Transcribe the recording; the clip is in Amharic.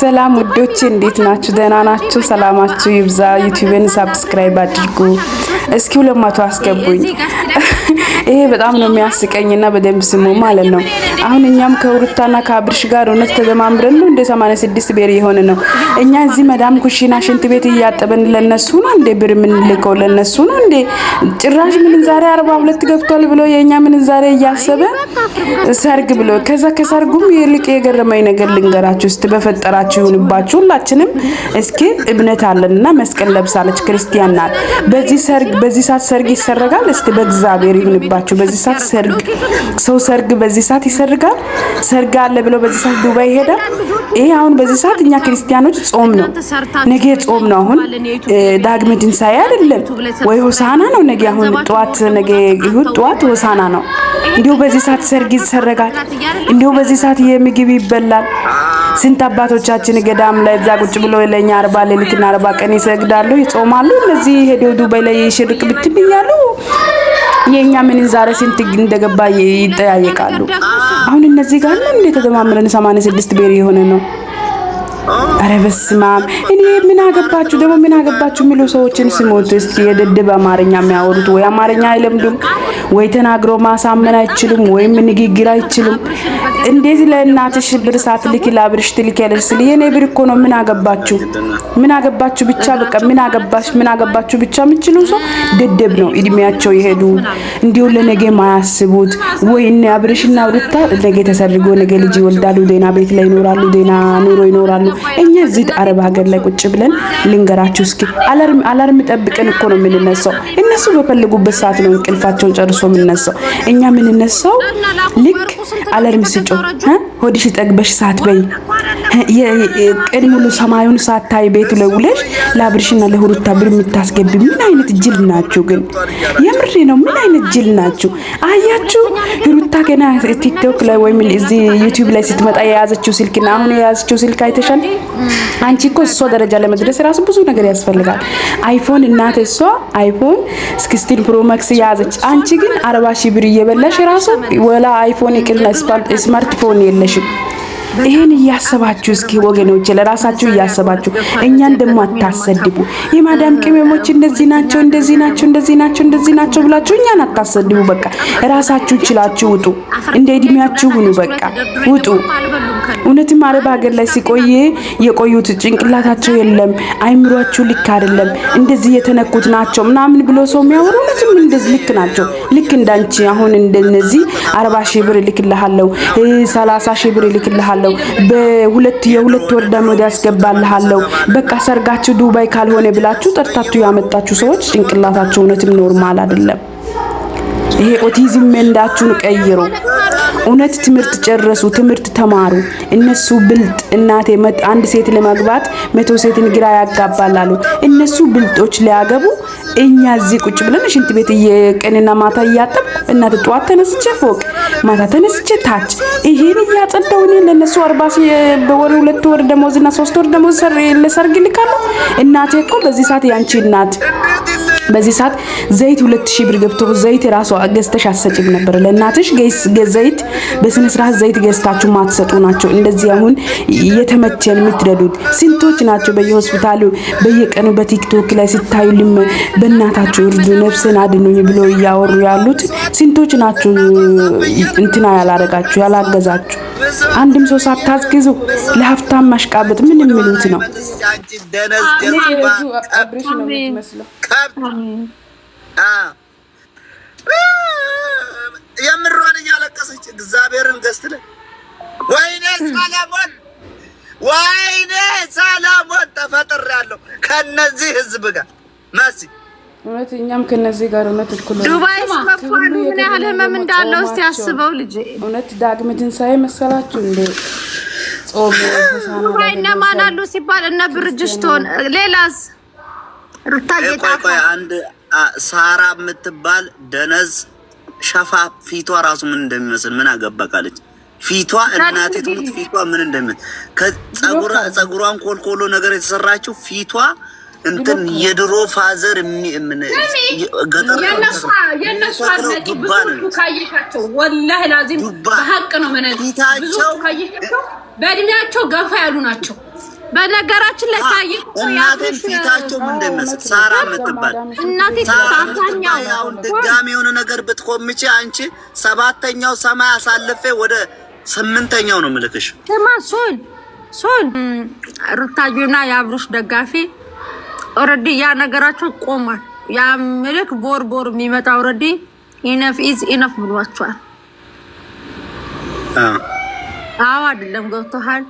ሰላም ውዶች እንዴት ናችሁ? ደህና ናችሁ? ሰላማችሁ ይብዛ። ዩቲዩብን ሳብስክራይብ አድርጉ። እስኪ ሁለት መቶ አስገቡኝ። ይሄ በጣም ነው የሚያስቀኝና በደንብ ስሙ ማለት ነው። አሁን እኛም ከሩታና ከአብርሽ ጋር እውነት ተዘማምረን ነው እንደ 86 ብሄር የሆነ ነው። እኛ እዚህ መዳም ኩሽና ሽንት ቤት እያጠብን ለነሱ ነው እንደ ብር የምንልከው ለነሱ ነው እንዴ? ጭራሽ ምንዛሬ አርባ ሁለት ገብቷል ብሎ የእኛ ምንዛሬ እያሰበ ሰርግ ብሎ ከዛ ከሰርጉም ይልቅ የገረመኝ ነገር ልንገራችሁ እስቲ በፈጠራችሁ ይሁንባችሁ። ሁላችንም እስኪ እምነት አለንና መስቀል ለብሳለች ክርስቲያን ናት። በዚህ ሰርግ በዚህ ሰዓት ሰርግ ይሰረጋል? እስቲ በእግዚአብሔር ይሁንባችሁ። በዚህ ሰዓት ሰርግ ሰው ሰርግ በዚህ ሰዓት ይሰርጋል? ሰርግ አለ ብሎ በዚህ ሰዓት ዱባይ ይሄዳል? ይሄ አሁን በዚህ ሰዓት እኛ ክርስቲያኖች ጾም ነው፣ ነገ ጾም ነው። አሁን ዳግመ ትንሳኤ አይደለም ወይ ሆሳና ነው። ነገ አሁን ጠዋት ነገ ይሁን ጠዋት ሆሳና ነው። እንዲሁ በዚህ ሰዓት ሰርግ ይሰረጋል። እንዲሁ በዚህ ሰዓት የምግብ ይበላል። ስንት አባቶቻችን ገዳም ላይ እዛ ቁጭ ብሎ ለኛ አርባ ሌሊትና አርባ ቀን ይሰግዳሉ፣ ይጾማሉ። እነዚህ ሄደው ዱባይ ላይ ሽርቅ ብትብያሉ እያሉ ምን ዛሬ ስንት እንደገባ ይጠያየቃሉ። አሁን እነዚህ ጋር ለምን ተደማምረን 86 ብር የሆነ ነው አረ በስመ አብ! እኔ ምን አገባችሁ ደግሞ ምን አገባችሁ የሚሉ ሰዎችን ስሞት እስቲ የደደብ አማርኛ የሚያወሩት ወይ አማርኛ አይለምዱም ወይ ተናግሮ ማሳመን አይችሉም ወይም ንግግር አይችሉም። እንዴት ለእናትሽ ብር ሳትልኪ ላብርሽ ትልኪያለሽ ስል የኔ ብር እኮ ነው። ምን አገባችሁ ምን አገባችሁ ብቻ በቃ ምን አገባሽ ምን አገባችሁ ብቻ የምችሉ ሰው ደደብ ነው። እድሜያቸው የሄዱ እንዲሁ ለነገ ማያስቡት ወይ እነ አብርሽና ሩታ ነገ ተሰርጎ ነገ ልጅ ይወልዳሉ። ዴና ቤት ላይ ይኖራሉ። ዴና ኑሮ ይኖራሉ። እኛ እዚህ አረብ ሀገር ላይ ቁጭ ብለን ልንገራችሁ እስኪ አላርም ጠብቀን እኮ ነው የምንነሳው። እነሱ በፈልጉበት ሰዓት ነው እንቅልፋቸውን ጨርሶ የምንነሳው። እኛ የምንነሳው ልክ አለርም ስጮ ሆድሽ ጠግበሽ ሰዓት በይ ቀን ሙሉ ሰማዩን ሳታይ ቤቱ ለውለሽ ለአብርሽና ለሁሩታ ብር የምታስገቢ ምን አይነት ጅል ናችሁ ግን? የምሬ ነው። ምን አይነት ጅል ናችሁ? አያችሁ ሩታ ገና ቲክቶክ ላይ ወይም እዚህ ዩቲዩብ ላይ ስትመጣ የያዘችው ስልክና አሁን የያዘችው ስልክ አይተሻል። አንቺ እኮ እሷ ደረጃ ለመድረስ ራሱ ብዙ ነገር ያስፈልጋል። አይፎን እናት እሷ አይፎን ስክስቲን ፕሮማክስ የያዘች አንቺ ግን አርባ ሺህ ብር እየበላሽ ራሱ ወላ አይፎን ይቅርና ስማርትፎን የለሽም። ይህን እያሰባችሁ እስኪ ወገኖች ለራሳችሁ እያሰባችሁ እኛን ደግሞ አታሰድቡ። የማዳም ቅመሞች እንደዚህ ናቸው፣ እንደዚህ ናቸው፣ እንደዚህ ናቸው፣ እንደዚህ ናቸው ብላችሁ እኛን አታሰድቡ። በቃ ራሳችሁ ችላችሁ ውጡ። እንደ እድሜያችሁ ሁኑ። በቃ ውጡ። እውነትም አረብ ሀገር ላይ ሲቆየ የቆዩት ጭንቅላታቸው የለም፣ አይምሯችሁ ልክ አይደለም፣ እንደዚህ የተነኩት ናቸው ምናምን ብሎ ሰው የሚያወሩ እውነትም እንደዚህ ልክ ናቸው። ልክ እንዳንቺ አሁን እንደነዚህ አርባ ሺህ ብር እልክልሃለሁ፣ ሰላሳ ሺህ ብር እልክልሃለሁ አደርግልሃለሁ። በሁለት የሁለት ወር ደመወዝ ያስገባልሃለሁ። በቃ ሰርጋችሁ ዱባይ ካልሆነ ብላችሁ ጠርታችሁ ያመጣችሁ ሰዎች ጭንቅላታችሁ እውነትም ኖርማል አይደለም። ይሄ ኦቲዝም መንዳችሁን ቀይሩ። እውነት ትምህርት ጨረሱ፣ ትምህርት ተማሩ። እነሱ ብልጥ እናቴ አንድ ሴት ለማግባት መቶ ሴትን ግራ ያጋባል አሉ። እነሱ ብልጦች ሊያገቡ እኛ እዚህ ቁጭ ብለን ሽንት ቤት እየቀንና ማታ እያጠብ እናት ጠዋት ተነስቼ ፎቅ ማታ ተነስቼ ታች ይሄን እያጸዳው እኔ ለእነሱ አርባ በወር ሁለት ወር ደሞዝ እና ሶስት ወር ደሞዝ ለሰርግ ልካለሁ። እናቴ እኮ በዚህ ሰዓት ያንቺ እናት በዚህ ሰዓት ዘይት ሁለት ሺህ ብር ገብቶ ዘይት ራሷ ገዝተሽ አሰጭም ነበር ለእናትሽ ዘይት ዘይት በስነ ስርዓት ዘይት ገዝታችሁ ማትሰጡ ናቸው። እንደዚህ አሁን እየተመቸን የምትረዱት ስንቶች ናቸው? በየሆስፒታሉ በየቀኑ በቲክቶክ ላይ ሲታዩ ልም በእናታችሁ እርዱ ነፍስን አድኑኝ ብሎ እያወሩ ያሉት ስንቶች ናቸው? እንትና ያላረጋችሁ ያላገዛችሁ አንድም ሰው ሳታስገዙ ለሀብታም ማሽቃበጥ ምን የሚሉት ነው? ገዝትለ ወይኔ ሰለሞን ወይኔ ሰለሞን ተፈጥሬያለሁ ከነዚህ ህዝብ ጋር መሲ እውነት እኛም ከነዚህ ጋር እውነት እኩል ዱባይ ስመኳን ምን ያህል ህመም እንዳለው እስቲ አስበው ልጄ። እውነት ዳግም ትንሣኤ መሰላችሁ እንደ ዱባይ እነ አሉ ሲባል እነ ብርጅስቶን ሌላስ ሩታ ጌታ አንድ ሳራ የምትባል ደነዝ ሸፋ ፊቷ ራሱ ምን እንደሚመስል ምን አገባቃለች። ፊቷ እናቴ ትሙት ፊቷ ምን እንደሚመስል ከጸጉሯ ጸጉሯን ኮልኮሎ ነገር የተሰራችው ፊቷ እንትን የድሮ ፋዘር የእነሱ አድናቂ ብዙዎቹ ካየሻቸው ወላሂ ላዚም በሀቅ ነው መነ ብዙዎቹ ካየሻቸው በእድሜያቸው ገፋ ያሉ ናቸው። በነገራችን ላይ ታየ እናቴን ፊታቸው ምን እንደሚመስል ሳራ የምትባል እናቴ ታታኛው አሁን ድጋሚ የሆነ ነገር ብትቆምጪ አንቺ ሰባተኛው ሰማይ አሳልፌ ወደ ስምንተኛው ነው ምልክሽ። ስማ ሶል ሶል ሩታዩና የአብሮሽ ደጋፊ ኦልሬዲ ያ ነገራቸው ቆሟል። ያ ምልክ ቦር ቦር የሚመጣ ኦልሬዲ ኢነፍ ኢዝ ኢነፍ ብሏቸዋል። አዎ አይደለም ገብቶሃል